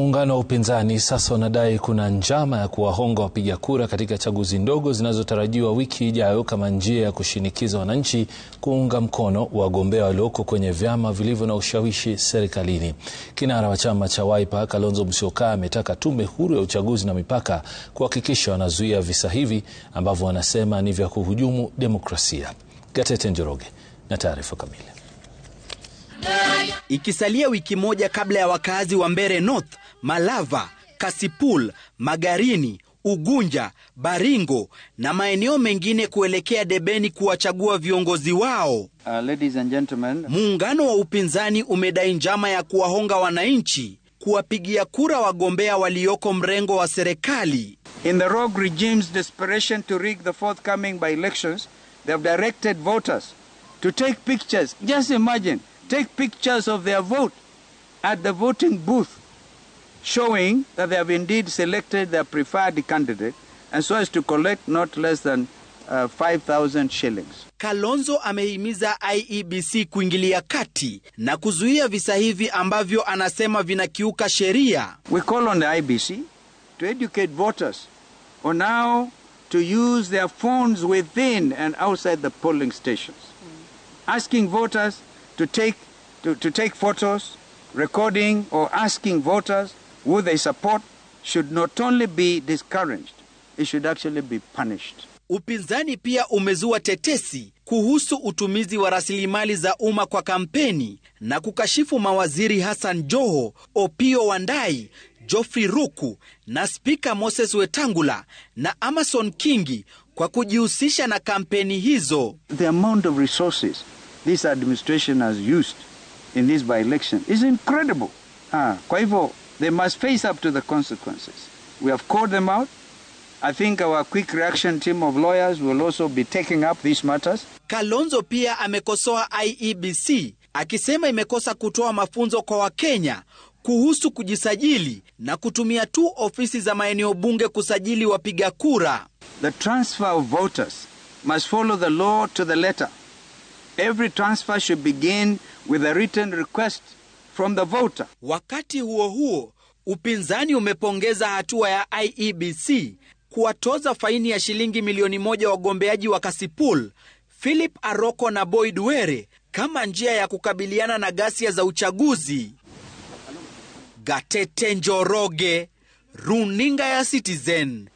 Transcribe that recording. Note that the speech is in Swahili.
Muungano wa upinzani sasa unadai kuna njama ya kuwahonga wapiga kura katika chaguzi ndogo zinazotarajiwa wiki ijayo kama njia ya kushinikiza wananchi kuunga mkono wagombea walioko kwenye vyama vilivyo na ushawishi serikalini. Kinara wa chama cha Wiper Kalonzo Musyoka ametaka tume huru ya uchaguzi na mipaka kuhakikisha wanazuia visa hivi ambavyo wanasema ni vya kuhujumu demokrasia. Gatete Njoroge na taarifa kamili. Ikisalia wiki moja kabla ya wakazi wa Mbeere North Malava, Kasipul, Magarini, Ugunja, Baringo na maeneo mengine kuelekea debeni kuwachagua viongozi wao. Uh, muungano wa upinzani umedai njama ya kuwahonga wananchi kuwapigia kura wagombea walioko mrengo wa serikali. In the rogue regime's desperation to rig the forthcoming by elections, they have directed voters to take pictures. Just imagine, take pictures of their vote at the voting booth showing that they have indeed selected their preferred candidate and so as to collect not less than uh, 5,000 shillings. Kalonzo amehimiza IEBC kuingilia kati na kuzuia visa hivi ambavyo anasema vinakiuka sheria. We call on the IBC e to educate voters on how to use their phones within and outside the polling stations. Asking voters to take, to, to take photos, recording or asking voters who they support should not only be discouraged, it should actually be punished. Upinzani pia umezua tetesi kuhusu utumizi wa rasilimali za umma kwa kampeni na kukashifu mawaziri Hassan Joho, Opio Wandai, Geoffrey Ruku na spika Moses Wetangula na Amason Kingi kwa kujihusisha na kampeni hizo. The amount of resources this administration has used in this by election is incredible. Ha, ah, kwa hivyo They must face up to the consequences. We have called them out. I think our quick reaction team of lawyers will also be taking up these matters. Kalonzo pia amekosoa IEBC akisema imekosa kutoa mafunzo kwa Wakenya kuhusu kujisajili na kutumia tu ofisi za maeneo bunge kusajili wapiga kura. The transfer of voters must follow the law to the letter. Every transfer should begin with a written request from the voter. Wakati huo huo, Upinzani umepongeza hatua ya IEBC kuwatoza faini ya shilingi milioni moja wagombeaji wa Kasipul, Philip Aroko na Boyd Were kama njia ya kukabiliana na ghasia za uchaguzi. Gatete Njoroge, Runinga ya Citizen.